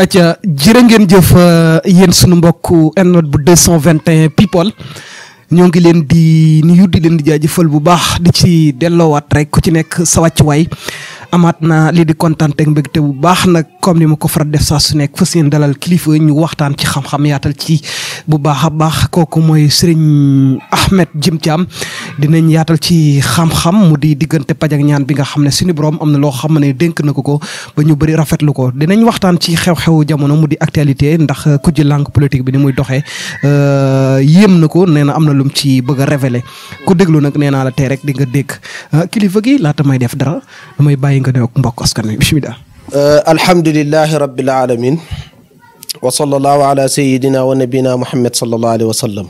aca jërë ngeen jëf euh, yéen sunu mbokk internet bu 221 people ñoo ngi leen di nu di leen di jaajëfal bu baax di ci delloowaat rek ku ci nekk sa wàccuwaay amaat naa lii di kontaan ak mbégte bu baax nag comme ni ma ko faral def saa su nekk fas yéen dalal kilifa ñu waxtaan ci xam-xam yaatal ci bu baax a baax kooku mooy sëriñ Ahmed Jim Thiam dinañ yaatal ci xam-xam mu di diggante paj ñaan bi nga xam ne suñu borom am na loo xam ne dénk na ko ko ba ñu bëri rafetlu ko dinañ waxtaan ci xew-xew jamono mu di actualité ndax ku ji langue politique bi ni muy doxee euh, yéem na ko nee na am na lum ci bëgg a révéler ku déglu nag nee naa la tey rek di nga dégg euh, kilifa gi laata may def dara bàyyi nga ne ak mbokk askan wi bisimilah. Euh, alhamdulilahi rabbil alamin wa sallallahu sayidina wa nabina muhammad sallallahu alayhi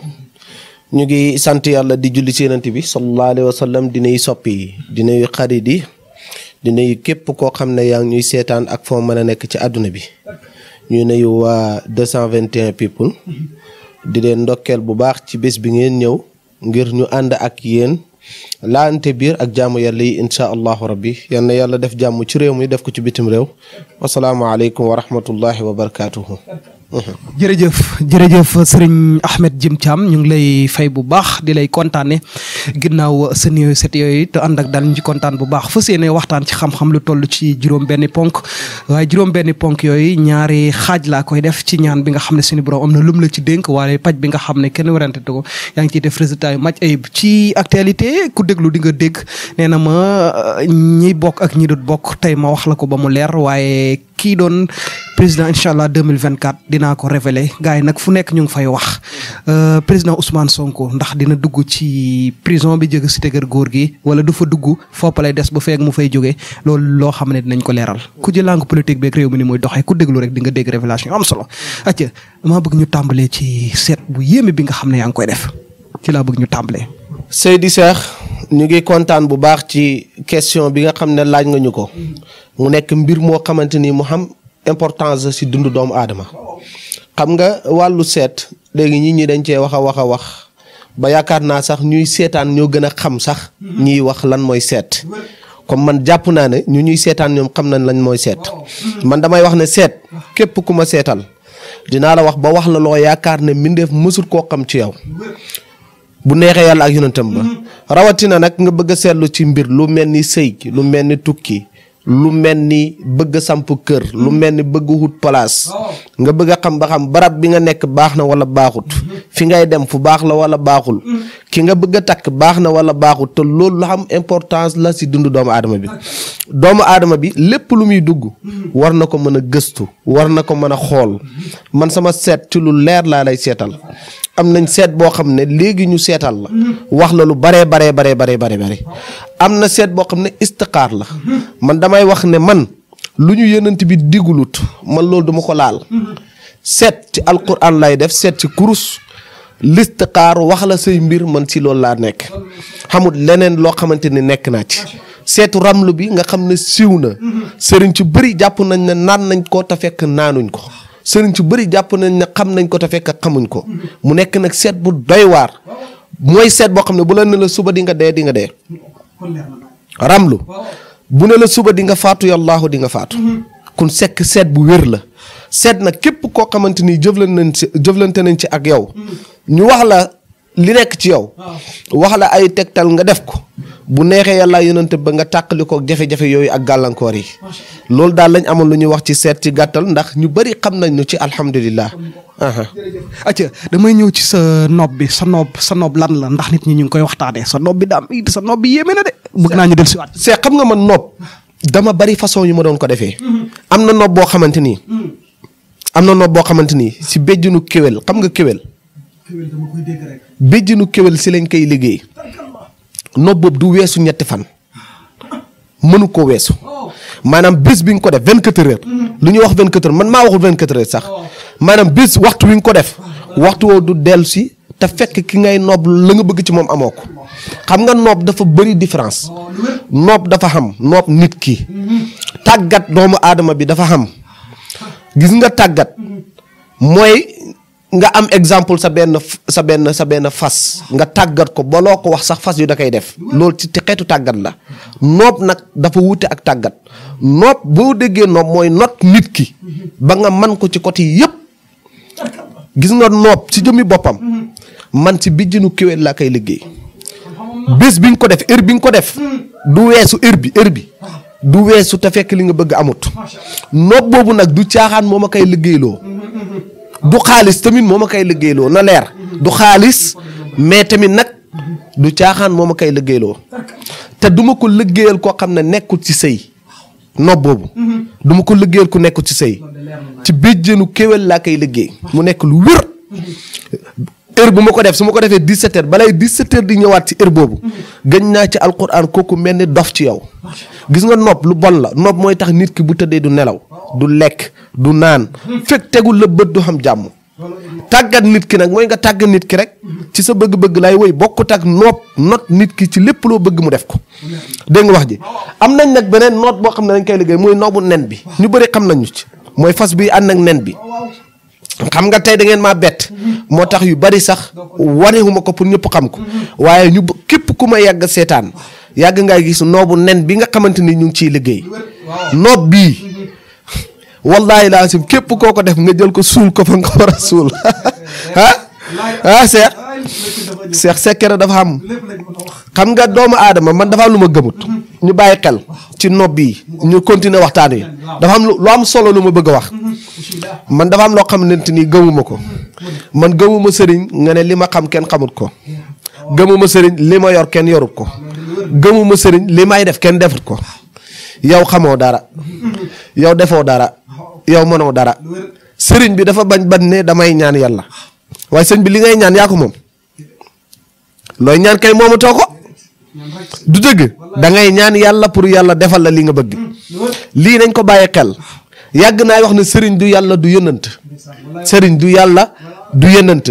ñu ngi sant yàlla di julli ci bi sallallahu alayhi wa sallam dinay soppi yi xarit yi dinay képp koo xam ne yaa ñuy seetaan ak foo mën nekk ci àdduna bi ñu nuyu waa 221 people di ndokkeel bu baax ci bés bi ngeen ñëw ngir ñu ànd ak yéen. laante biir ak jaamu yàlla yi incha allahu rabbi yal na yàlla def jàmm ci réew mi def ko ci bitim réew wasalaamualeykum wa rahmatullahi wa barakaatuhu. jërëjëf jërëjëf sëriñ Ahmed Jim Thiam ñu ngi lay fay bu baax di lay kontaane ginnaaw seen yooyu set yooyu te ànd ak daal ñu ci kontaan bu baax fas yéene waxtaan ci xam-xam lu toll ci juróom-benni ponk waaye juróom-benni ponk yooyu ñaari xaaj laa koy def ci ñaan bi nga xam ne suñu borom am na lum la ci dénk waaye paj bi nga xam ne kenn werante ko yaa ngi ciy def résultat yu maj ayib ci actualité ku déglu di nga dégg nee na ma ñi bokk ak ñi dut bokk tey ma wax la ko ba mu leer waaye kii doon président incha allah 2024 dinaa ko révéler gars yi nag fu nekk ñu ngi fay wax euh, président Ousmane Sonko ndax dina dugg ci prison bi jëg cité kër góor gi wala du fa dugg foppa lay des ba feek mu fay jóge loolu loo xam ne dinañ ko leeral ku ji langue politique beeg réew mi ni mooy doxee ku déglu rek di nga dégg révélation am solo acca maa bëgg ñu tàmbalee ci seet bu yéeme bi nga xam ne yaa ngi koy def ci laa bëgg ñu tàmbalee ñu ngi kontaan bu baax ci question bi nga xam ne laaj nga ñu ko mu nekk mbir moo xamante ni mu xam importance si dundu doomu aadama xam nga wàllu seet léegi nit ñi dañ cee wax a wax a wax ba yaakaar naa sax ñuy seetaan ñoo gën a xam sax ñiy wax lan mooy seet comme man jàpp naa ne ñu ñuy seetaan ñoom xam nañ lañ mooy seet man damay wax ne seet képp ku ma seetal dinaa la wax ba wax la loo yaakaar ne mbindeef mësul koo xam ci yow bu neexee yàlla ak yonentam ba rawatina nag nga bëgg seetlu ci mbir lu mel ni sëy lu mel ni tukki lu mel ni bëgg samp kër lu mel ni bëgg wut place oh. nga bëgg a xam ba xam barab bi nga nekk baax na wala baaxut mm-hmm. fi ngay dem fu baax la wala baaxul mm-hmm. ki nga bëgg a takk baax na wala baaxut te loolu lu xam importance la si dund doomu aadama bi doomu aadama bi lépp lu muy dugg mm-hmm. war na ko mën a gëstu war na ko mën a xool man sama seet ci lu leer laa lay seetal am nañ seet boo xam ne léegi ñu seetal la wax la lu baree baree baree baree baree baree am na seet boo xam ne istixaar la man damay wax ne man lu ñu yënant bi digulut man loolu duma ko laal seet ci alquran lay def seet ci kurus listixaar wax la say mbir man ci loolu laa nekk xamul leneen loo xamante ni nekk naa ci seetu ramlu bi nga xam ne siiw na sëriñ ci bëri jàpp nañ ne naan nañ ko te fekk naanuñ ko sëriñ ci bëri jàpp nañ ne xam nañ ko te fekk xamuñ ko mu nekk nag seet bu doy waar mooy seet boo xam ne bu la ne la suba di nga dee di nga dee ramlu bu ne la suba di nga faatu yàllaahu di nga faatu kon sekk seet bu wér la seet nag képp koo xamante ni jëflante nañ ci ak yow ñu wax la li nekk ci yow wax la ay tegtal nga def ko bu neexee yàllaa yonante ba nga tàqali ko jafe-jafe yooyu ak gàllankoor yi loolu daal lañ amoon lu ñuy wax ci seet ci gàttal ndax ñu bari xam nañ ñu ci alhamdulilah. acca damay ñëw ci sa nopp bi sa nopp sa nopp lan la ndax nit ñi ñu ngi koy waxtaanee sa nopp bi daam sa nopp bi yéeme na de. naa ñu del si waat seet xam nga man nopp dama bari façon yu ma doon ko defee. am na nopp boo xamante ni. am na nopp boo xamante ni si béjjinu kéwél xam nga kéwél. béjjinu kéwél si lañ koy liggéey. nopp boobu du weesu ñetti fan mënu ko weesu maanaam bis bi nga ko def 24 heures lu ñuy wax 24 heures man maa waxul 24 heures sax maanaam bis waxtu wi nga ko def waxtu woo du dellu si te fekk ki ngay noob la nga bëgg ci moom amoo ko xam nga noob dafa bëri différence noob dafa xam noob nit ki tàggat doomu aadama bi dafa xam gis nga tàggat mooy nga am exemple sa benn sa benn sa benn fas nga tàggat ko ba loo ko wax sax fas yu da koy def loolu ci xeetu tàggat la noob nag dafa wuute ak tàggat noob boo déggee noob mooy not nit ki ba nga man ko ci côté yëpp gis nga noob ci jëmmi boppam man ci bijjinu kéwél laa koy liggéey bés bi nga ko def heure bi nga ko def du weesu heure bi heure bi du weesu te fekk li nga bëgg amut noob boobu nag du caaxaan moom ma koy liggéeyloo du xaalis tamit moo ma koy liggéeyloo na leer du xaalis mais tamit nag du caaxaan moo ma koy liggéeyloo te duma ko liggéeyal koo xam ne nekkul ci sëy nob boobu du ko liggéeyal ku nekkul ci sëy ci béjjéenu kéwél laa koy liggéey mu nekk lu wér heure bu ma ko def su ma ko defee di heures balay 17 heures di ñëwaat ci heure boobu. gëñ naa ci alquran kooku mel ni dof ci yow. gis nga nopp lu bon la nopp mooy tax nit ki bu tëddee du nelaw. du lekk du naan. fekk tegul la bët du xam jàmm. tàggat nit ki nag mooy nga tàggat nit ki rek ci sa bëgg-bëgg lay woy bokkut ak noot noot nit ki ci lépp loo bëgg mu def ko dégg wax ji am nañ nag beneen noot boo xam ne dañ koy liggéey mooy noobu nen bi ñu bëri xam nañu ci mooy fas bi ànd ak nen bi xam nga tey dangeen ma bett moo tax yu bari sax wanewuma ko pour ñëpp xam ko waaye ñu képp ku ma yàgg seetaan yàgg ngaa gis noobu nen bi nga xamante ni ñu ngi ciy liggéey noob bii wallaahi laasim képp koo ko def nga jël ko suul ko fa nga war a ah seex seex sekkere dafa am xam nga doomu aadama man dafa am lu ma gëmut ñu bàyyi xel ci nopp yi ñu continuer waxtaan yi dafa am lu am solo lu ma bëgg a wax man dafa am loo xam xamante ni gëmuma ko man gëmuma sëriñ nga ne li ma xam kenn xamut ko gëmuma sëriñ li ma yor kenn yorut ko gëmuma sëriñ li may def kenn defut ko yow xamoo dara yow defoo dara yow mënoo dara sëriñ bi dafa bañ ban ne damay ñaan yàlla waaye sëñ bi li ngay ñaan yaa ko moom looy ñaan kay moomu ko du dëgg da ñaan yàlla pour yàlla defal la li nga bëgg lii nañ ko bàyyi xel yàgg naa wax ne sëriñ du yàlla du yënant sëriñ du yàlla du yënant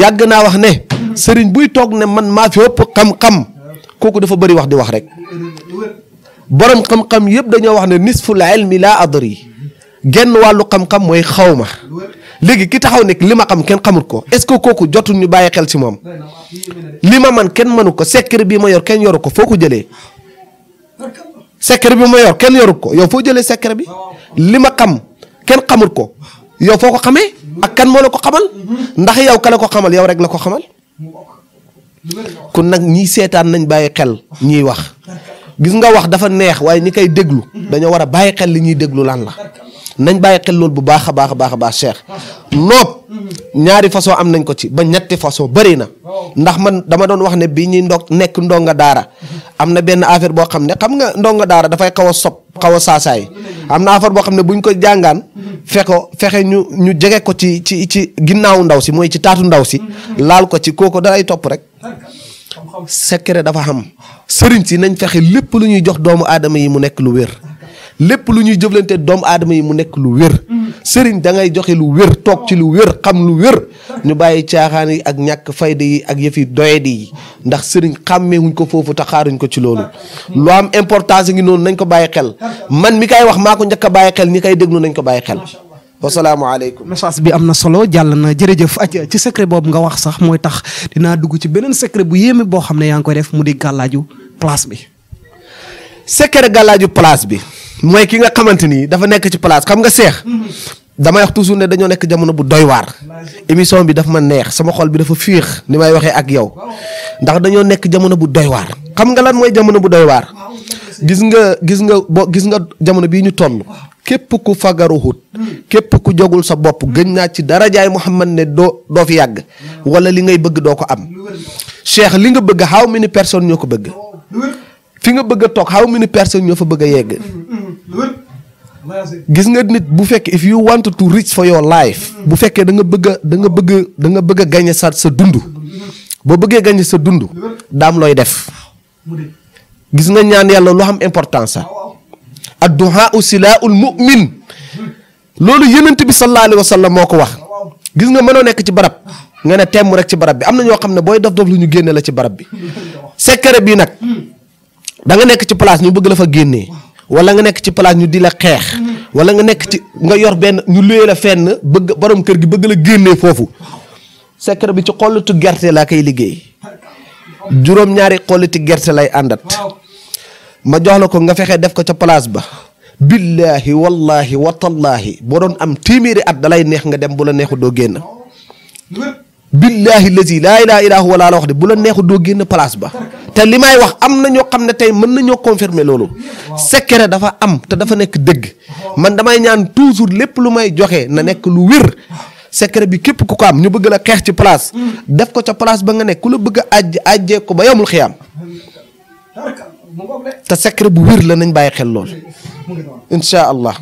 yàgg naa wax ne sëriñ buy toog ne man maa fi ëpp xam-xam kooku dafa bari wax di wax rek borom xam-xam yëpp dañoo wax ne nisful ilmi laa adri genn wàllu xam-xam mooy xaw ma léegi ki taxaw nekk li ma xam kenn xamut ko est-ce que kooku jotul ñu bàyyi xel si moom li ma man kenn mënu ko secret bii ma yor kenn yoru ko foo ko jëlee secret bi ma yor kenn yoru ko yow foo jëlee secret bi li ma xam kenn xamut ko yow foo ko xamee ak kan moo la ko xamal ndax yow ka la ko xamal yow rek la ko xamal kon nag ñii seetaan nañ bàyyi xel ñiy wax gis nga wax dafa neex waaye ñi koy déglu dañoo war a bàyyi xel li ñuy déglu lan la nañ bàyyi xel loolu bu baax a baax a baax a baax Cheikh noob ñaari façon am nañ ko ci ba ñetti façon bari na ndax man dama doon wax ne bi ñuy ndog nekk ndonga daara am na benn affaire boo xam ne xam nga ndonga daara dafay xaw a sob xaw a saasaay am na affaire boo xam ne buñ ko jàngaan feko fexe ñu ñu jege ko ci ci ci ginnaawu ndaw si mooy ci taatu ndaw si laal ko ci kooku dalay topp rek secret dafa xam sëriñ si nañ fexe lépp lu ñuy jox doomu aadama yi mu nekk lu wér lépp lu ñuy jëflante doomu aadama yi mu nekk lu wér. sëriñ dangay joxe lu wér toog ci lu wér xam lu wér ñu bàyyi caaxaan yi ak ñàkk fayda yi ak yëfi doyadi yi ndax sëriñ xàmmeewuñ ko foofu te xaaruñ ko ci loolu. lu am importance ngi noonu nañ ko bàyyi xel man mi kay wax maa ko njëkk a bàyyi xel ni kay déglu nañ ko bàyyi xel. wasalaamaaleykum message bi am na solo jàll na jërëjëf ak ci secret boobu nga wax sax mooy tax dinaa dugg ci beneen secret bu yéeme boo xam ne yaa ngi koy def mu di gàllaaju place bi. secret gàllaaju place bi. mooy ki nga xamante ni dafa nekk ci place xam nga seex. Mhm. damay wax toujours ne dañoo nekk jamono bu doywaar waar. émission bi dafa ma neex sama xol bi dafa fiix ni may waxee ak yow ndax dañoo nekk jamono bu doy xam nga lan mooy jamono bu doy waar. gis nga gis nga bo gis nga jamono bii ñu toll. képp ku fagaruwut mm. képp ku jogul sa bopp mm. gën naa ci darajaay Muhammad ne doo doo fi yàgg wala li ngay bëgg doo ko am Cheikh li nga bëgg how ni personnes ñoo ko bëgg fi nga bëgg a toog how many personnes ñoo fa bëgg a yegg mm. gis nga nit bu fekkee if you want to reach for your life bu fekkee da nga bëgg a da nga bëgg a bëgg a gañe sa sa dund boo bëggee gañe sa dund daam looy def gis nga ñaan yàlla loo xam importance sa adduhaa u silaaul mu'min loolu yonent bi sallallahu alayhi wa sallam moo ko wax gis nga mën mënoo nekk ci barab nga ne temm rek ci barab bi am na ñoo xam ne booy dof dof lu ñu génne la ci barab bi secret bi nag hmm. da nekk ci place ñu bëgg la fa génnee wala nga nekk ci place ñu di la xeex. Mm-hmm. wala nga nekk ci nga yor benn ñu luye la fenn bëgg boroom kër gi bëgg la génnee foofu. secret bi ci xollitu gerte laa kay liggéey juróom-ñaari xolliti gerte lay àndat ma jox la ko nga fexe def ko ca place ba. billahi wallahi watallaahi boo doon am téeméeri at dalay neex nga dem bu la neexu doo génn billahi lazi laa ilaaha illaa huwa laa la wax de bu la neexu doo génn place ba. te li may wax am na ñoo xam ne tey mën nañoo confirmer loolu secret dafa am te dafa nekk dëgg man damay ñaan toujours lépp lu may joxe na nekk lu wér secret bi képp ku ko am ñu bëgg la xeex ci place def ko ca place ba nga nekk ku la bëgg a àjj àjjee ko ba yamul xiyaam te secret bu wér la nañ bàyyi xel lool incha allah.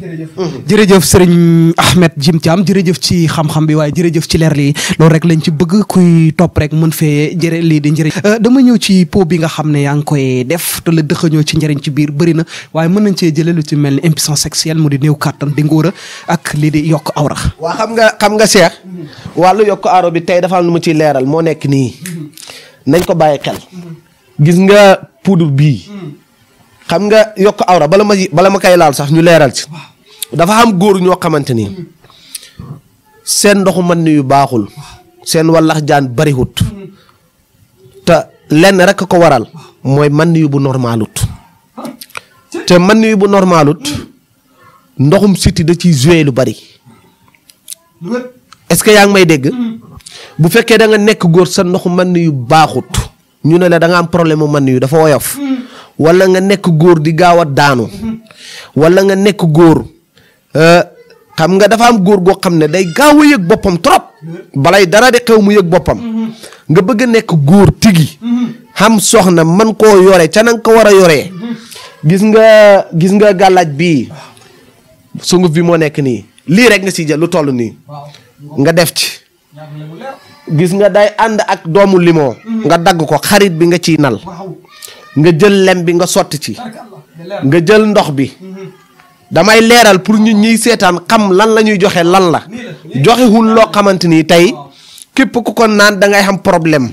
jërëjëf sëriñ mm-hmm. Ahmed Jim Thiam jërëjëf ci xam-xam bi waaye jërëjëf ci leer lii loolu rek lañ ci bëgg kuy topp rek mën fee jërë lii di njëriñ. Euh, dama ñëw ci pot bi nga xam ne yaa ngi koy def te la dëxëñoo ci njëriñ ci biir bëri na waaye mën nañ cee jëlee lu ci mel ni impuissance sexuelle mu di néew kàttan di ngóora ak lii di yokk awra. waa xam nga xam nga seex mm-hmm. wàllu yokk awra bi tey dafa am lu mu ciy leeral moo nekk nii mm-hmm. nañ ko bàyyi xel gis nga poudre bii xam nga yokk awra bala ma bala ma koy laal sax ñu leeral ci dafa am góor ñoo xamante ni seen ndoxu mën yu baaxul seen wallax jaan bariwut te lenn rek ko waral mooy mën yu bu normalut te mën yu bu normalut ndoxum siti da ci joué lu bari est-ce que yaa ngi may dégg bu fekkee da nekk góor sa ndoxu mën yu baaxut ñu ne la danga am problème mu mën yu dafa woyof wala nga nekk góor di gaaw a daanu wala nga nekk góor euh, xam nga dafa am góor goo xam ne day gaaw a yëg boppam trop balay dara di xew mu yëg boppam nga bëgg a nekk góor tigi xam soxna man koo yore ca nanga ko war a yore gis nga gis nga gàllaaj bi sunguf bi moo nekk nii lii rek nga si jël lu toll nii nga def ci gis nga day ànd ak doomu limon mm-hmm. nga dagg ko xarit bi nga ciy nal nga jël lem bi nga sotti ci nga jël ndox bi damay leeral pour ñu ñuy seetaan xam lan la ñuy joxe lan la joxewul loo xamante ni tey képp ku ko naan da ngay xam problème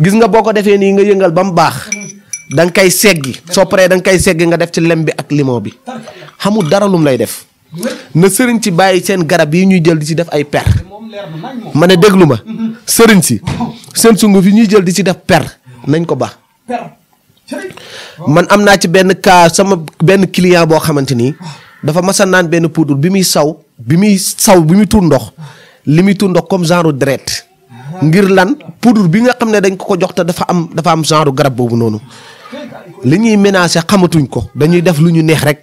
gis nga boo ko defee nii nga yëngal ba mu baax da koy seggi soo paree da koy seggi nga def ci lem bi ak limon bi xamul dara lum lay def na sëriñ si bàyyi seen garab yi ñuy jël di ci def ay per ma ne déglu ma sëriñ si seen sungu yi ñuy jël di ci def per nañ ko ba man am naa ci benn kaa sama benn client boo xamante ni dafa masa naan benn poudre bi muy saw bi muy saw bi muy tuur ndox li muy tuur ndox comme genre deret ngir lan poudre bi nga xam ne dañ ko jox te dafa am dafa am genre garab boobu noonu li ñuy ménager xamatuñ ko dañuy def lu ñu neex rek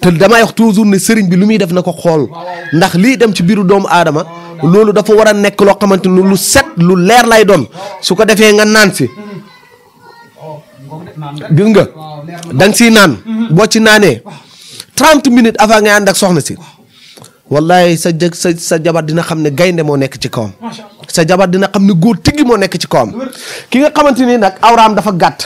te damay yox toujours ne sëriñ bi lu muy def na ko xool ndax lii dem ci biiru doomu aadama loolu dafa war a nekk loo xamante ni lu set lu leer lay doon su ko defee nga naan si gis nga da nga naan mhm. boo ci naanee trent minutes avant ngay ànd ak soxna si wallahi sa jë sa sa jabar dina xam ne gaynde moo nekk ci kawam sa jabar dina xam ne góor tiggi moo nekk ci kawam ki nga xamante ni nag awraam dafa gàtt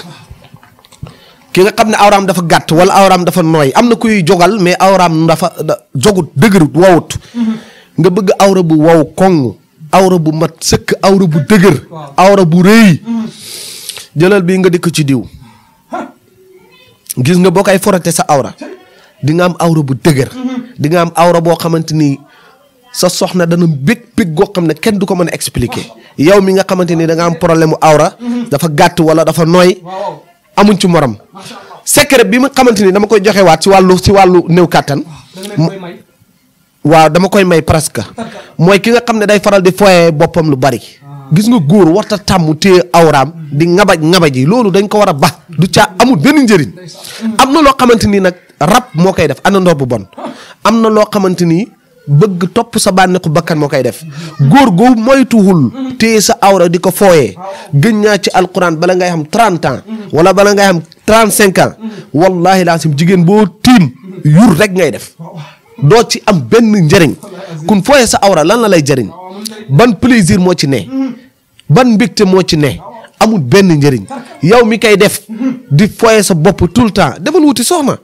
ki nga xam ne awraam dafa gàtt wala awraam dafa nooy am na kuy jogal mais awraam dafa jogut dëgërut wowut mhm. nga bëgg awra bu wow koŋ awra bu mat sëkk awra bu dëgër awra bu rëy mhm. jëlal bii nga dikk ci diw gis nga boo koy forote sa awra di nga am awra bu dëgër di nga am awra boo xamante ni sa soxna dana bég bég goo xam ne kenn du ko mën a expliquer yow mi nga xamante ni da am problème mu awra dafa gàtt wala dafa nooy amuñ ci morom secret bi mu xamante ni dama koy joxe waat ci wàllu si wàllu néew kàttan waaw dama koy may presque mooy ki nga xam ne day faral di foye boppam lu bari gis nga góor warta tàmm téye awraam di ngabaj ngabaj yi loolu dañ ko war a baax du caa amul benn njëriñ am na loo xamante ni nag rab moo koy def àndandoo bu bon am na loo xamante ni bëgg topp sa bànneexu bakkan moo koy def góor googu moytuwul téye sa awra di ko fooyee gën ñaa ci alquran bala ngay am 30 ans wala bala ngay am 35 ans wallahi laa sim jigéen boo tiim yur rek ngay def doo ci am benn njëriñ kun fooyee sa awra lan la lay jëriñ ban plaisir moo ci ne ban mbégte moo ci ne amul benn njëriñ yow mi koy def di foye sa bopp tout le temps demal wuti soxna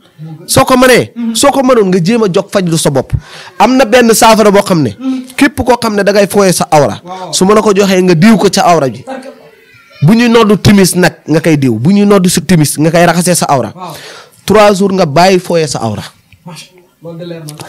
soo ko mënee soo ko mënoon nga jéem a jog faj lu sa bopp am na benn saafara boo xam ne képp koo xam ne da ngay foye sa awra su ma la ko joxee nga diw ko ca awra ji bu ñuy noddu timis nag nga koy diw bu ñuy noddu su timis nga koy raxasee sa awra trois jours nga bàyyi fooye sa awra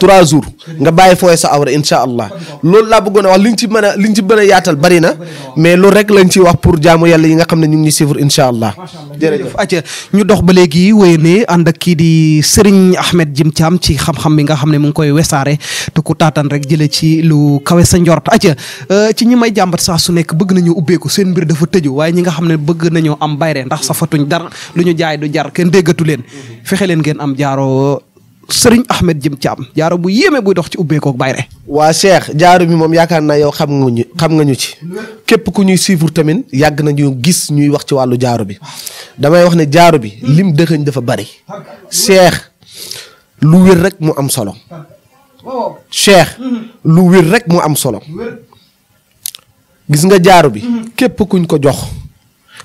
trois jours nga bàyyi fooy sa awra incha allah loolu laa bëggoon a wax liñ ci mën liñ ci mën a yaatal bari na mais loolu rek lañ ciy wax pour jaamu yàlla yi nga xam ne ñu ngi ñuy suivre incha allah. jërëjëf acca ñu dox ba léegi wéy ne ànd ak kii di Serigne Ahmed Jim Thiam ci xam bi nga xam ne mu ngi koy wesaare te ku taataan rek jëlee ci lu kawe sa njort acca euh, ci ñi may jàmbat saa su nekk bëgg nañu ubbeeku seen mbir dafa tëju waaye ñi nga xam ne bëgg nañoo am bayre ndax safatuñ dara lu ñu jaay du jar kenn déggatu leen fexe leen ngeen am jaaro sëriñ Ahmed Jim Thiam jaaro bu yéeme buy dox ci ubbeekook bayre waa Cheikh jaaro bi moom yaakaar naa yow xam nga ñu xam nga ci képp ku ñuy suivre tamit yàgg nañu gis ñuy wax ci wàllu jaaro bi damay wax ne jaaro bi lim dëxëñ dafa bari Cheikh lu wér rek mu am solo Cheikh lu wér rek mu am solo gis nga jaaro bi mm-hmm. képp kuñ ko jox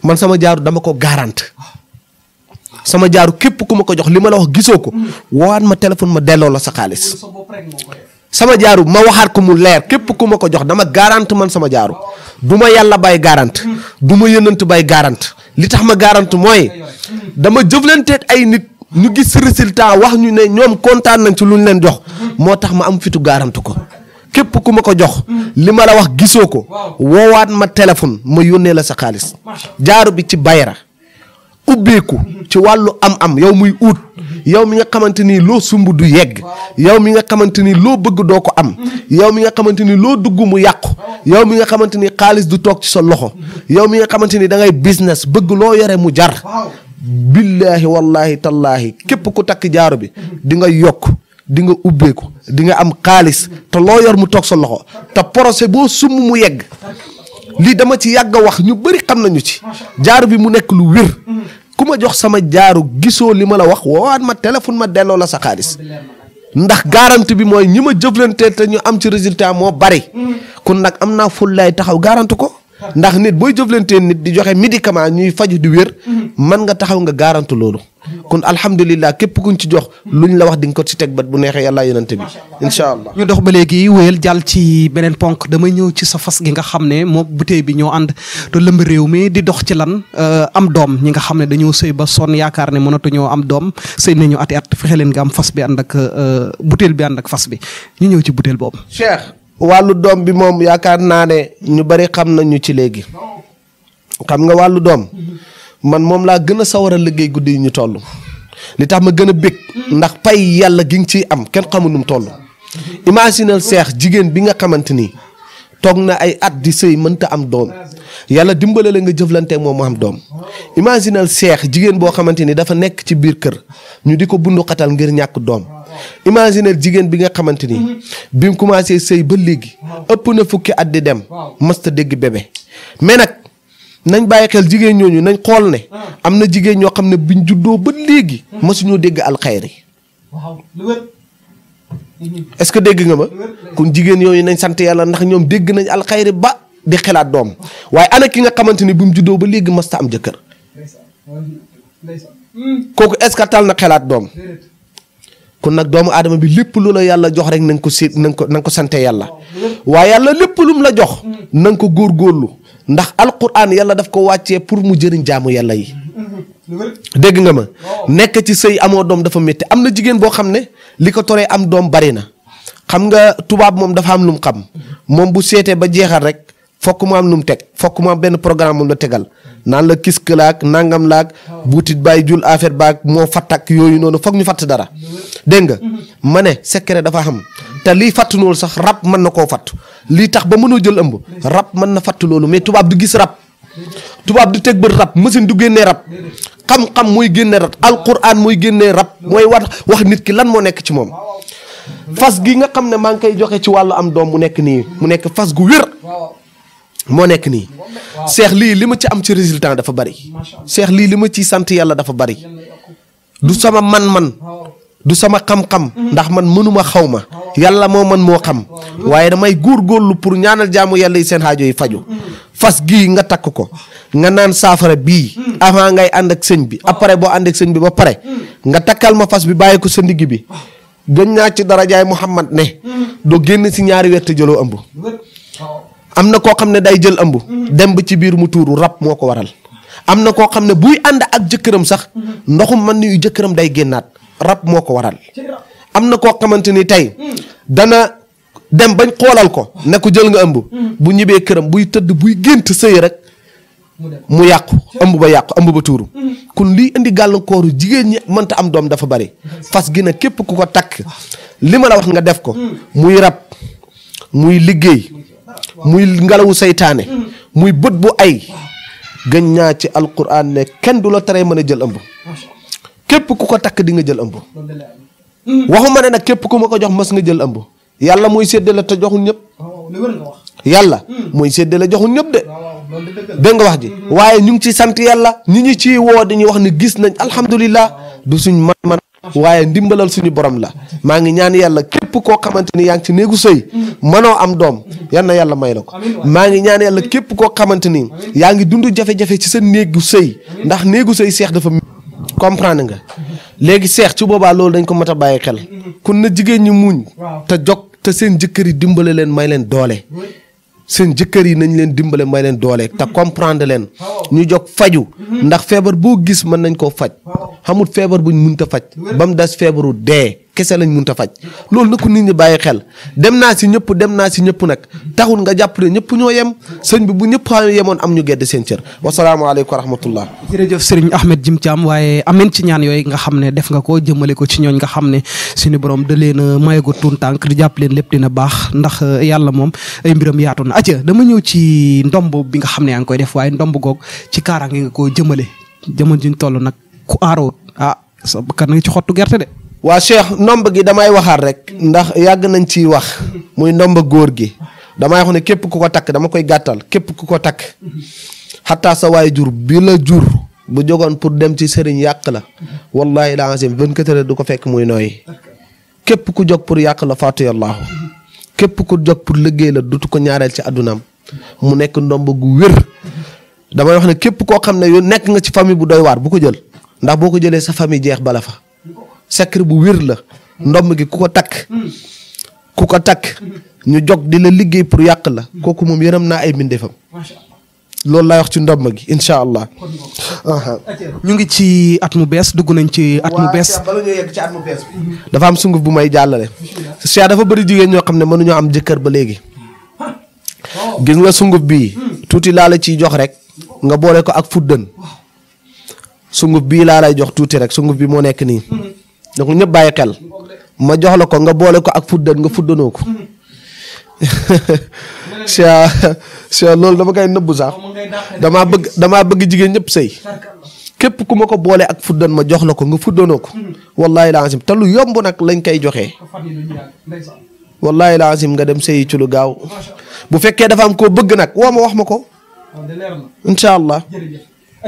man sama jaaro dama ko garante sama jaaru képp ku ma ko jox li ma la wax gisoo ko woowaat ma téléphone ma delloo la sa xaalis sama jaaru ma waxaat ko mu leer képp ku ma ko jox dama garante man sama jaaru du ma yàlla bay garante du ma yënant bay garante li tax ma garante mooy dama jëflanteeg ay nit ñu gis résultat wax ñu ne ñoom kontaan nañ ci lu leen jox moo tax ma am fitu garante ko képp ku ma ko jox li ma la wax gisoo ko woowaat ma téléphone ma yónnee la sa xaalis jaaru bi ci bayra ubbeeku ci wàllu am-am yow muy uut yow mi nga xamante ni loo sumb du yegg yow mi nga xamante ni loo bëgg doo ko am yow mi nga xamante ni loo dugg mu yàqu yow mi nga xamante ni xaalis du toog ci sa loxo yow mi nga xamante ni da ngay business bëgg loo yore mu jar billaahi wallaahi tallaahi képp ku takk jaaro bi di nga yokk dinga nga ubbeeku di am xaalis te loo yor mu toog sa loxo te procès boo sumb mu yegg lii dama ci yàgg a wax ñu bëri xam nañu ci jaaro bi mu nekk lu wér. ku ma jox sama jaaru gisoo li ma la wax woowaat ma téléphone ma delloo la sa xaalis ndax garanti bi mooy ñi ma jëflante te ñu am ci résultat moo bari mm. kon nag am naa ful lay taxaw garanti ko. ndax nit booy jëflantee nit di joxe médicament ñuy faju di wér man nga taxaw nga garantu loolu kon alhamdulilah képp kuñ ci jox luñ la wax di nga ko ci teg bat bu neexee yàlla yonante bi incha allah ñu dox ba léegi wéyal jàll ci beneen ponk damay ñëw ci sa fas gi nga xam ne moom butéey bi ñoo ànd te lëmb réew mi di dox ci lan euh, am doom ñi nga xam ne dañoo sëy ba sonn yaakaar ne mënatuñoo am doom sëy nañu ati at fexe leen nga am fas bi ànd euh, butéel bi ak fas bi ñu ñëw ci butéel boobu wàllu doom bi moom yaakaar naa ne ñu bari xam nañu ci léegi xam nga wàllu doom man moom laa gën a sawar a liggéey guddi yi ñu toll li tax ma gën a bég ndax pay yàlla gi nga ciy am kenn xamu nu mu toll. imaginal seex jigéen bi nga xamante ni toog na ay at di sëy mënta am doom yàlla dimbale la nga jëflante moom mu am doom imaginal seex jigéen boo xamante ni dafa nekk ci biir kër ñu di ko bundu xatal ngir ñàkk doom. imaginer jigéen bi nga xamante ni mhm. bi mu commencé sëy ba léegi ëpp na fukki at di dem mësta dégg bébé mais nag nañ bàyyi xel jigéen ñooñu nañ xool ne ah. am na jigéen ñoo xam ne buñ juddoo ba léegi mësuñoo hmm. dégg alxayri est-ce que dégg nga ma kon jigéen yooyu nañ sant yàlla ndax ñoom dégg nañ alxayri ba di xelaat doom waaye ana ki nga xamante ni bi juddoo ba léegi mësta am jëkkër hmm. kooku est-ce que tal na xelaat doom kon nag doomu aadama bi lépp lu la yàlla jox rek na ko si na ko na ko sante yàlla waaye yàlla lépp lu mu la jox na ko góor góorlu ndax alquran yàlla daf ko wàccee pour mu jëriñ jaamu yàlla yi. dégg nga ma nekk ci sëy amoo doom dafa métti am na jigéen boo xam ne li ko toree am doom bari na xam nga tubaab moom dafa am lu mu xam moom bu seetee ba jeexal rek. fokk mu am nu mu teg fokk mu am benn programme moom la tegal naan la kisk laak nangam laak buutit bàyyi jul affaire baak moo fattak yooyu noonu fokk ñu fatt dara dégg nga ma ne secret dafa xam te lii fàttunoolu sax rab mën na koo fatt lii tax ba mënoo jël ëmb rab mën na fatt loolu tubaab du gis rab tubaab du teg bët machine du génnee rab xam-xam mooy génne rab alquran génnee rab mooy wax nit ki lan moo nekk ci moom fas gi nga xam ne maa ngi koy joxe ci wàllu am doom mu nekk nii mu nekk fas gu wér moo nekk nii seex lii li ma ci am ci résultat dafa bari seex lii li ma ci sant yàlla dafa bari du sama man-man du sama xam-xam ndax man mënuma xaw ma yàlla moo man moo xam waaye damay góor góorgóorlu pour ñaanal jaamu yàlla yi seen aajo yi faju fas gii nga takk ko nga naan saafara bii avant ngay ànd ak sëñ bi après boo ànd ak sëñ bi ba pare nga takkal ma fas bi bàyyi ko sa ndigg bi gën naa ci darajaay Muhammad ne doo génn si ñaari wett jëloo ëmb am na koo xam ne day jël ëmb. dem ba ci biir mu tuuru rab moo ko waral. am na koo xam ne buy ànd ak jëkkëram sax ndoxum mën na jëkkëram day génnaat rab moo ko waral. am na koo xamante ni tey dana dem bañ xoolal ko nekku jël nga ëmb. bu ñibbee këram buy tëdd buy gént sëy rek. mu yàqu ëmb ba yàqu ëmb ba tuuru. kon liy indi gàllankooru jigéen ñi mënta am doom dafa bari. fas gi na képp ku ko takk li ma la wax nga def ko. muy rab muy liggéey. muy ngelawu seytaane muy bët bu ay gën ñaa ci alquran ne kenn du la teree mën a jël ëmb képp ku ko takk dinga nga jël ëmb waxuma ne nag képp ku ma ko jox mas nga jël ëmb yàlla mooy séddale te joxul ñëpp yàlla mooy séddale joxul ñëpp de dégg wax ji waaye ñu ci sant yàlla ñi ciy woo dañuy wax ne gis nañ alhamdulilah du suñ man man waaye ndimbalal suñu borom la maa ngi ñaan yàlla képp koo xamante ni yaa ngi ci néegu sëy mënoo am doom yal na yàlla may la ko maa ngi ñaan yàlla képp koo xamante ni yaa ngi dund jafe-jafe ci sa néegu sëy ndax néegu sëy seex dafa comprendre nga léegi seex ci boobaa loolu dañ ko mat a bàyyi xel kon na jigéen ñi muñ te jog te seen jëkkër yi dimbale leen may leen doole seen jëkkër yi nañ leen dimbale may leen doole te comprendre leen ñu jóg faju ndax feebar boo gis mën nañ koo faj xamul feebar bu buñ mënta faj ba mu des feebaru dee kese lañ mënut a faj loolu na ko nit ñi bàyyi xel dem naa si ñëpp dem naa si ñëpp nag taxul nga jàpp ne ñëpp ñoo yem sëñ bi bu ñëpp xaw yemoon am ñu gedd seen cër wasalaamaaleykum wa rahmatullah jërëjëf sëriñ Ahmed Jim Thiam waaye ameen ci ñaan yooyu nga xam ne def nga ko jëmale ko ci ñooñ nga xam ne suñu borom da leen a maye ko tuun tànk di jàpp leen lépp dina baax ndax eh, yàlla moom mbiram yaatu na aja dama ñëw ci ndomb bi nga xam ne yaa ngi koy def waaye ndomb goog ci kaaraange nga ko jëmale jamono jiñ toll nag ku aaroot ah sa bakkan nga ci xottu gerte de waa Cheikh ndomb gi damay waxaat rek ndax yàgg nañ ciy wax muy ndomb góor gi damay wax ne képp ku ko takk dama koy gàttal képp ku ko takk xataa sa waaye jur bi la jur bu jógoon pour dem ci sëriñ yàq la wallahi la azim vingt-quatre heures du ko fekk muy nooyi képp ku jóg pour yàq la faatu képp ku jóg liggéey la dutu ko ñaareel ci addunaam mu nekk ndomb gu wér damay wax ne képp koo xam ne yow nekk nga ci famille bu doy waar bu ko jël ndax boo ko jëlee sa famille jeex bala fa secret bu wér la ndomb gi ku ko takk ku ko takk ñu jog di la liggéey pour yàq la kooku moom yërëm naa ay mbindeefam loolu laay wax ci ndomb gi incha allah. ñu ngi ci at mu bees dugg nañ ci at mu bees. dafa am sunguf bu may jàllale. Cheikh dafa bari jigéen ñoo xam ne mënuñoo am jëkkër ba léegi. gis nga sunguf bi tuuti laa la ciy jox rek. nga boole ko ak fuddën. sunguf bii laa lay jox tuuti rek sunguf bi moo nekk nii. donc ñëpp bàyyi xel ma jox la ko nga boole ko ak fuddan nga fuddanoo ko sia sia loolu dama koy nëbbu sax damaa bëgg damaa bëgg jigéen ñëpp sëy képp ku ma ko boole ak fuddan ma jox la ko nga fuddanoo ko wallaahi laasim te lu yomb nag lañ koy joxee wallaahi laasim nga dem sëyi ci lu gaaw bu fekkee dafa am koo bëgg nag woo ma wax ma ko incha allah.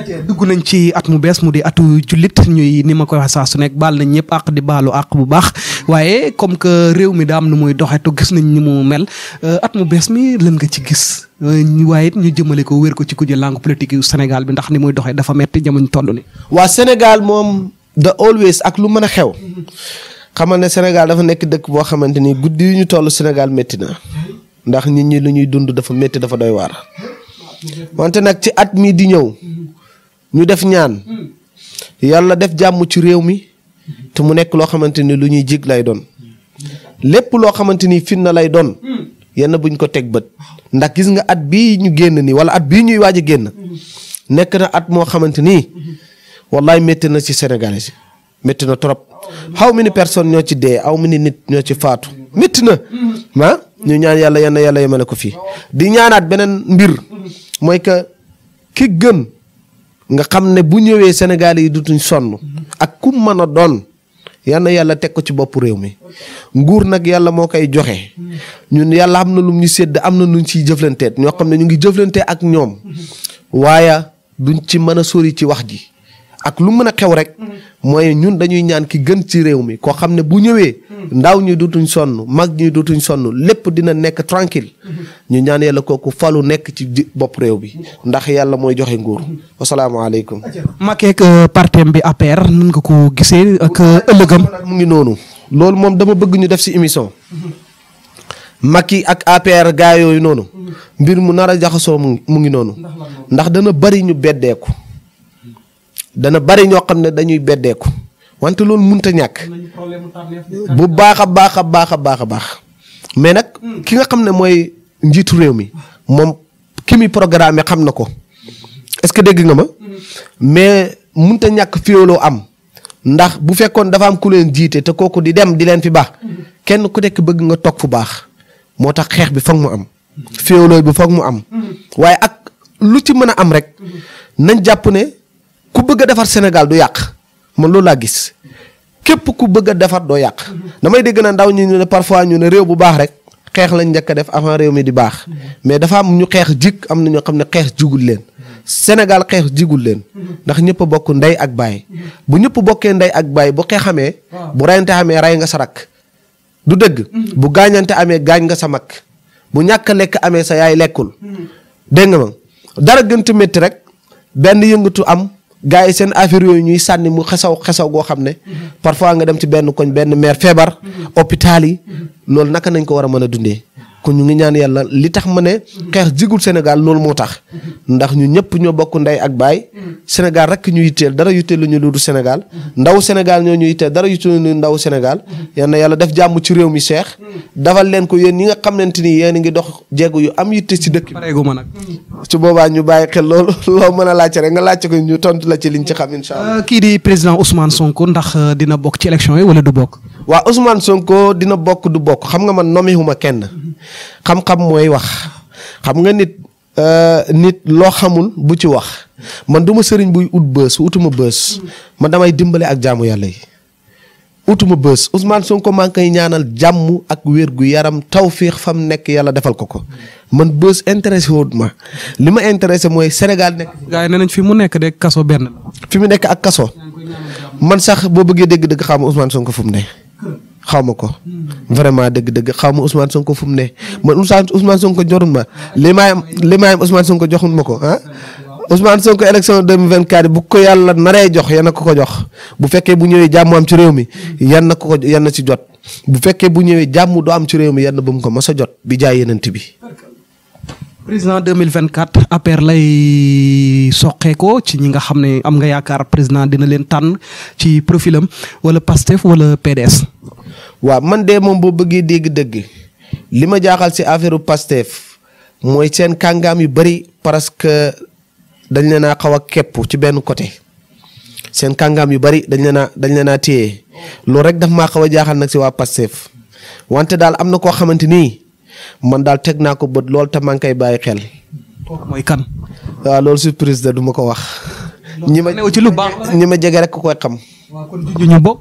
dugg nañ ci at mu bees mu di atu jullit ñuy ni ma koy wax saa su nekk baal na ñëpp àq di baalu àq bu baax waaye comme que réew mi daam nu muy doxetu gis nañ ni mu mel euh, at mu bees mi lan nga ci gis waaye it ñu jëmale ko wér ko ci ku langue politique yu Sénégal bi ndax ni muy doxee dafa metti jamono toll ni waa Sénégal moom the always ak lu mën a xew xamal ne Sénégal dafa nekk dëkk boo xamante ni guddi yu ñu toll Sénégal métti na ndax nit ñi lu ñuy dund dafa métti dafa doy waar wante nag ci at mii di ñëw ñu def ñaan yàlla def jàmm ci réew mi te mu nekk loo xamante ni lu ñuy jig lay doon lépp loo xamante ni na lay doon yenn buñ ko teg bët ndax gis nga at bii ñu génn nii wala at bii ñuy waaj a génn nekk na at moo xamante ni wallaay métti na ci Sénégalais si métti na trop xaw ma ni personne ñoo ci dee aw ma ni nit ñoo ci faatu métti na ah ñu ñaan yàlla yenn yàlla yemale ko fii di ñaanaat beneen mbir mooy que ki gën. nga xam ne bu ñëwee Sénégal yi dutuñ sonn ak kum mën a doon yal yàlla teg ko ci bopp réew mi nguur nag yàlla moo koy joxe ñun yàlla am na lu ñu sedd am na nuñ ciy jëflanteet ñoo xam ne ñu ngi jëflantee ak ñoom waaye duñ ci mën a sori ci wax ji ak lu mën a xew rek mooy ñun dañuy ñaan ki gën ci réew mi koo xam ne bu ñëwee ndaw ñi dutuñ sonn mag ñi dutuñ sonn lépp dina nekk tranquille ñu ñaan yàlla kooku falu nekk ci bopp réew bi ndax yàlla mooy joxe nguur wasalaamaaleykum makeek euh, partem bi APR nan nga ko gisee ak euh, ëllëgam mu ngi noonu loolu moom dama bëgg ñu def si émission Macky ak APR gaa yooyu noonu mbir mu nar a jaxasoo mu ngi noonu ndax dana bari ñu beddeeku dana bari ñoo xam ne dañuy beddeeku wante loolu munta ñàkk bu baax a baax a baax a baax a baax mais nag ki nga xam ne mooy njiitu réew mi moom ki mi programme xam na ko est-ce que dégg nga ma mais munta ñàkk féewaloo am ndax bu fekkoon dafa am ku leen jiite te kooku di dem di leen fi baax kenn ku nekk bëgg nga toog fu baax moo tax xeex bi foog mu am féewaloo bi foog mu am waaye ak lu ci mën a am rek nañ jàpp ne ku bëgg a defar Sénégal du yàq man loolu laa gis képp ku bëgg a defar doo yàq damay dégg na ndaw ñi ne parfois ñu ne réew bu baax rek xeex lañ njëkk def avant réew mi di baax mais dafa am ñu xeex jik am na ñoo xam ne xeex jigul leen Sénégal xeex jigul leen ndax ñëpp bokk ndey ak baay bu ñëpp bokkee ndey ak baay bu xeex amee bu reyante amee rey nga sa rakk du dëgg bu gaañante amee gaañ nga sa mag bu ñàkk lekk amee sa yaay lekkul dégg nga ma dara gëntu métti rek benn yëngatu am gars yi seen affaire yooyu ñuy sànni mu xesaw xesaw goo xam ne parfois nga dem ci benn koñ benn maire feebar mm-hmm. hôpital yi loolu naka nañ ko war a mën a dundee kon ñu ngi ñaan yàlla li tax ma ne xeex jigul Sénégal loolu moo tax ndax ñu ñëpp ñoo bokk ndey ak baay Sénégal rek ñu yitteel dara yitteel lu ñu lu du Sénégal ndaw Sénégal ñoo ñu yitteel dara yitteel ndaw Sénégal na yàlla def jàmm ci réew mi seex dafal leen ko yéen ñi nga xamante ni yéen a ngi dox jéego yu am yitte si dëkk ma bi su boobaa ñu bàyyi xel loolu loo mën a laajte rek nga laajte ko ñu tontu la ci liñ ci xam incha euh, kii di président Ousmane sonk ndax euh, dina bokk ci élection yi wala du bokk. waa Ousmane Sonko dina bokk du bokk xam nga man nomihuma kenn xam-xam mooy wax xam nga nit euh, nit loo xamul bu ci wax man duma sëriñ buy ut bës utuma bës man damay dimbale ak jaamu yàlla yi utuma bës Ousmane Sonko maa ngi koy ñaanal jàmm ak wér gu yaram tawfiix fam nekk yàlla defal ko ko man bës intéressé wut ma li ma intéressé mooy Sénégal nekk. gars yi nee nañ fi mu nekk de kaso benn. fi mu nekk ak kaso. man sax boo bëggee dégg-dëgg xam Ousmane Sonko fu mu ne. xaw ma ko. vraiment dëgg-dëgg xaw ma Ousmane Sonko fu mu ne man Ousmane Sonko jorun ma li may am li may am Ousmane Sonko joxun ma ko ah. Ousmane Sonko élection 2024 bu ko yàlla naree jox yan na ko ko jox bu fekkee bu ñëwee jàmm am ci réew mi yan na jot bu fekkee bu ñëwee jàmm am ci réew mi yan na ba ko ma a jot bi jaay yenent bi. président 2024 APR lay soqeekoo ci ñi nga xam ne am nga yaakaar président dina leen tànn ci profilam wala PASTEF wala PDS. waaw man de moom boo bëggee dégg dëgg li ma jaaxal si affaire PASTEF mooy seen kàngaam yu bëri parce que dañ leen a xaw a képp ci benn côté seen kangaam yu bëri dañ leen a dañ leen a téye loolu rek daf maa xaw a jaaxal nag si waa PASTEF wante daal am na koo xamante ni. man daal teg naa ko bët lool te maa koy bàyyi xel. kooku mooy kan. loolu surprise da du ko wax. ñi ma ci lu baax ñi ma jege rek ku koy xam. waaw kon ñu bokk.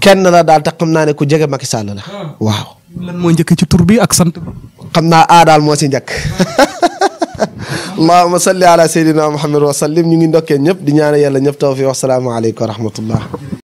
kenn la daal te xam naa ne ku jege Macky Sall la. Ah. waaw. lan moo njëkk ci tur bi ak sant xam naa a daal moo si njëkk. allahumma salli ala sayyidina muhammad wa sallim ñu ngi ndokkee ñëpp di ñaanal yàlla ñëpp tawfiq wa salaamu aleykum wa